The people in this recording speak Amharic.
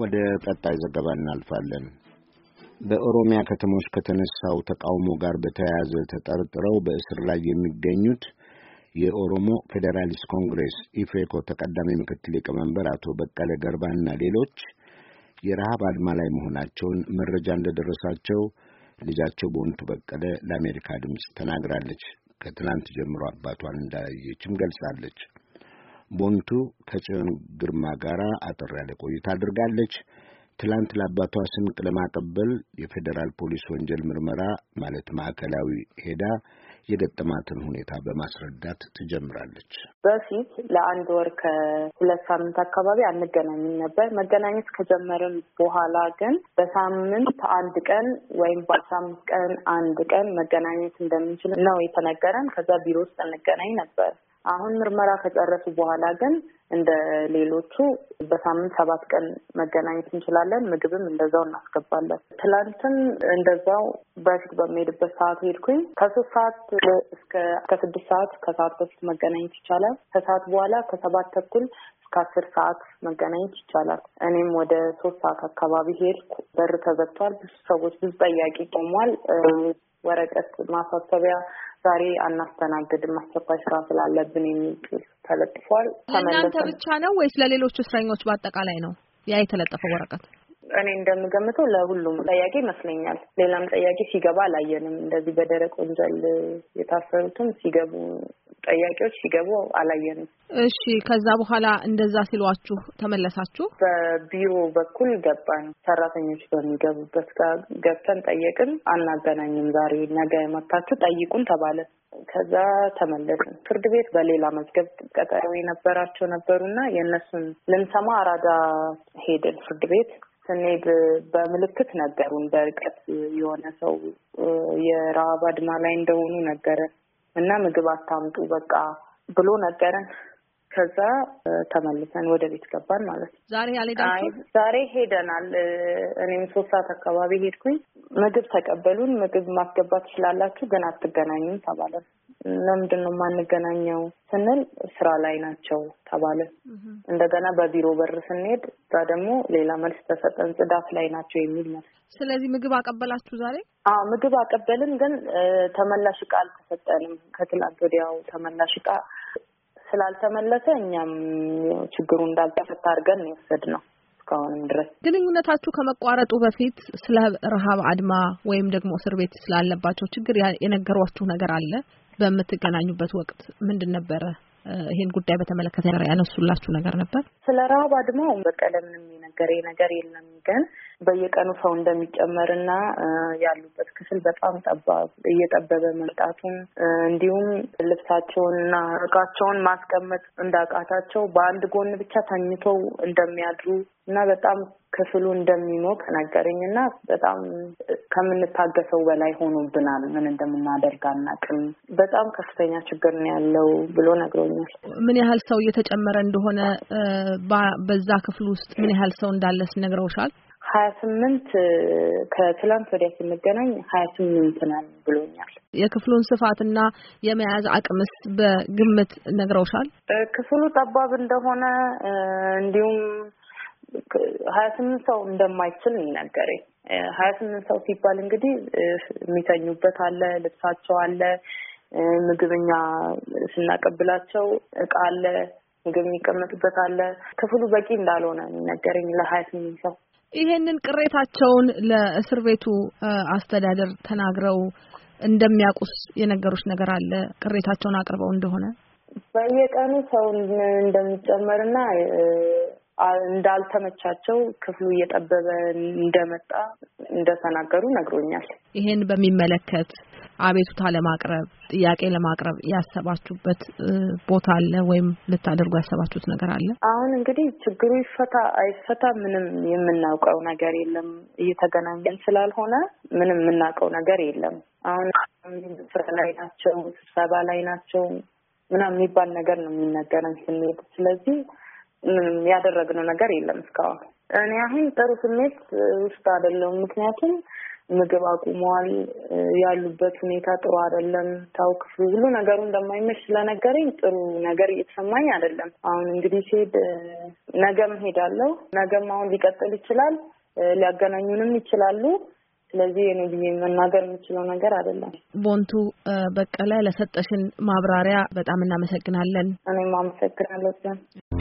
ወደ ቀጣይ ዘገባ እናልፋለን። በኦሮሚያ ከተሞች ከተነሳው ተቃውሞ ጋር በተያያዘ ተጠርጥረው በእስር ላይ የሚገኙት የኦሮሞ ፌዴራሊስት ኮንግሬስ ኢፌኮ ተቀዳሚ ምክትል ሊቀመንበር አቶ በቀለ ገርባና ሌሎች የረሃብ አድማ ላይ መሆናቸውን መረጃ እንደደረሳቸው ልጃቸው በወንቱ በቀለ ለአሜሪካ ድምፅ ተናግራለች። ከትናንት ጀምሮ አባቷን እንዳያየችም ገልጻለች። ቦንቱ ከጽዮን ግርማ ጋር አጠር ያለ ቆይታ አድርጋለች። ትላንት ለአባቷ ስንቅ ለማቀበል የፌዴራል ፖሊስ ወንጀል ምርመራ ማለት ማዕከላዊ ሄዳ የገጠማትን ሁኔታ በማስረዳት ትጀምራለች። በፊት ለአንድ ወር ከሁለት ሳምንት አካባቢ አንገናኝም ነበር። መገናኘት ከጀመርን በኋላ ግን በሳምንት አንድ ቀን ወይም በአስራ አምስት ቀን አንድ ቀን መገናኘት እንደምንችል ነው የተነገረን። ከዛ ቢሮ ውስጥ እንገናኝ ነበር። አሁን ምርመራ ከጨረሱ በኋላ ግን እንደ ሌሎቹ በሳምንት ሰባት ቀን መገናኘት እንችላለን። ምግብም እንደዛው እናስገባለን። ትላንትም እንደዛው በፊት በሚሄድበት ሰዓት ሄድኩኝ። ከሶስት ሰዓት እስከ ከስድስት ሰዓት ከሰዓት በፊት መገናኘት ይቻላል። ከሰዓት በኋላ ከሰባት ተኩል እስከ አስር ሰዓት መገናኘት ይቻላል። እኔም ወደ ሶስት ሰዓት አካባቢ ሄድኩ። በር ተዘግቷል። ብዙ ሰዎች ብዙ ጠያቂ ቆሟል። ወረቀት ማሳሰቢያ ዛሬ አናስተናግድም አስቸኳይ ስራ ስላለብን የሚል ጽሑፍ ተለጥፏል። ለእናንተ ብቻ ነው ወይስ ለሌሎች እስረኞች በአጠቃላይ ነው ያ የተለጠፈው ወረቀት? እኔ እንደምገምተው ለሁሉም ጠያቄ ይመስለኛል። ሌላም ጠያቄ ሲገባ አላየንም። እንደዚህ በደረቅ ወንጀል የታሰሩትም ሲገቡ ጠያቂዎች ሲገቡ አላየንም። እሺ፣ ከዛ በኋላ እንደዛ ሲሏችሁ ተመለሳችሁ? በቢሮ በኩል ገባን። ሰራተኞች በሚገቡበት ገብተን ጠየቅን። አናገናኝም፣ ዛሬ ነገ መታችሁ ጠይቁን ተባለ። ከዛ ተመለስን። ፍርድ ቤት በሌላ መዝገብ ቀጠሮ የነበራቸው ነበሩና የእነሱን ልንሰማ አራዳ ሄድን ፍርድ ቤት ስንሄድ በምልክት ነገሩን። በርቀት የሆነ ሰው የረሀብ አድማ ላይ እንደሆኑ ነገረን። እና ምግብ አታምጡ በቃ ብሎ ነገረን። ከዛ ተመልሰን ወደ ቤት ገባን ማለት ነው። ዛሬ አልሄዳችሁም? ዛሬ ሄደናል። እኔም ሶስት ሰዓት አካባቢ ሄድኩኝ። ምግብ ተቀበሉን። ምግብ ማስገባት ትችላላችሁ፣ ግን አትገናኙም ተባለን። ለምንድን ነው የማንገናኘው ስንል ስራ ላይ ናቸው ተባለ። እንደገና በቢሮ በር ስንሄድ እዛ ደግሞ ሌላ መልስ ተሰጠን፣ ጽዳት ላይ ናቸው የሚል መልስ። ስለዚህ ምግብ አቀበላችሁ ዛሬ? አዎ ምግብ አቀበልን፣ ግን ተመላሽ እቃ አልተሰጠንም። ከትላንት ወዲያው ተመላሽ እቃ ስላልተመለሰ እኛም ችግሩ እንዳልተፈታ አድርገን ነው የወሰድነው። እስካሁንም ድረስ ግንኙነታችሁ ከመቋረጡ በፊት ስለ ረሃብ አድማ ወይም ደግሞ እስር ቤት ስላለባቸው ችግር የነገሯችሁ ነገር አለ? በምትገናኙበት ወቅት ምንድን ነበረ ይህን ጉዳይ በተመለከተ ያነሱላችሁ ነገር ነበር? ስለ ረሃብ አድማው በቀለ ምንም የነገረኝ ነገር የለም ግን በየቀኑ ሰው እንደሚጨመርና ያሉበት ክፍል በጣም ጠባብ እየጠበበ መምጣቱን እንዲሁም ልብሳቸውንና እቃቸውን ማስቀመጥ እንዳቃታቸው በአንድ ጎን ብቻ ተኝተው እንደሚያድሩ እና በጣም ክፍሉ እንደሚሞቅ ነገረኝ እና በጣም ከምንታገሰው በላይ ሆኖብናል። ምን እንደምናደርግ አናውቅም። በጣም ከፍተኛ ችግር ነው ያለው ብሎ ነግሮኛል። ምን ያህል ሰው እየተጨመረ እንደሆነ በዛ ክፍል ውስጥ ምን ያህል ሰው እንዳለስ ነግረውሻል? ሀያ ስምንት ከትላንት ወዲያ ስንገናኝ ሀያ ስምንት ነን ብሎኛል። የክፍሉን ስፋትና የመያዝ አቅምስ በግምት ነግረውሻል? ክፍሉ ጠባብ እንደሆነ እንዲሁም ሀያ ስምንት ሰው እንደማይችል ይነገረኝ። ሀያ ስምንት ሰው ሲባል እንግዲህ የሚተኙበት አለ፣ ልብሳቸው አለ፣ ምግብኛ ስናቀብላቸው እቃ አለ፣ ምግብ የሚቀመጡበት አለ። ክፍሉ በቂ እንዳልሆነ ይነገረኝ ለሀያ ስምንት ሰው። ይሄንን ቅሬታቸውን ለእስር ቤቱ አስተዳደር ተናግረው እንደሚያውቁስ የነገሩች ነገር አለ? ቅሬታቸውን አቅርበው እንደሆነ በየቀኑ ሰው እንደሚጨመርና እንዳልተመቻቸው ክፍሉ እየጠበበ እንደመጣ እንደተናገሩ ነግሮኛል። ይሄን በሚመለከት አቤቱታ ለማቅረብ ጥያቄ ለማቅረብ ያሰባችሁበት ቦታ አለ ወይም ልታደርጉ ያሰባችሁት ነገር አለ? አሁን እንግዲህ ችግሩ ይፈታ አይፈታ ምንም የምናውቀው ነገር የለም። እየተገናኘን ስላልሆነ ምንም የምናውቀው ነገር የለም። አሁን ስራ ላይ ናቸው፣ ስብሰባ ላይ ናቸው ምናምን የሚባል ነገር ነው የሚነገረን ስንሄድ ስለዚህ ምንም ያደረግነው ነገር የለም እስካሁን። እኔ አሁን ጥሩ ስሜት ውስጥ አይደለም፣ ምክንያቱም ምግብ አቁመዋል። ያሉበት ሁኔታ ጥሩ አይደለም። ታው ክፍሉ ሁሉ ነገሩ እንደማይመች ስለነገረኝ ጥሩ ነገር እየተሰማኝ አይደለም። አሁን እንግዲህ ሲሄድ ነገም ሄዳለሁ። ነገም አሁን ሊቀጥል ይችላል፣ ሊያገናኙንም ይችላሉ። ስለዚህ እኔ ብዬ መናገር የምችለው ነገር አይደለም። ቦንቱ በቀለ፣ ለሰጠሽን ማብራሪያ በጣም እናመሰግናለን። እኔም አመሰግናለሁ።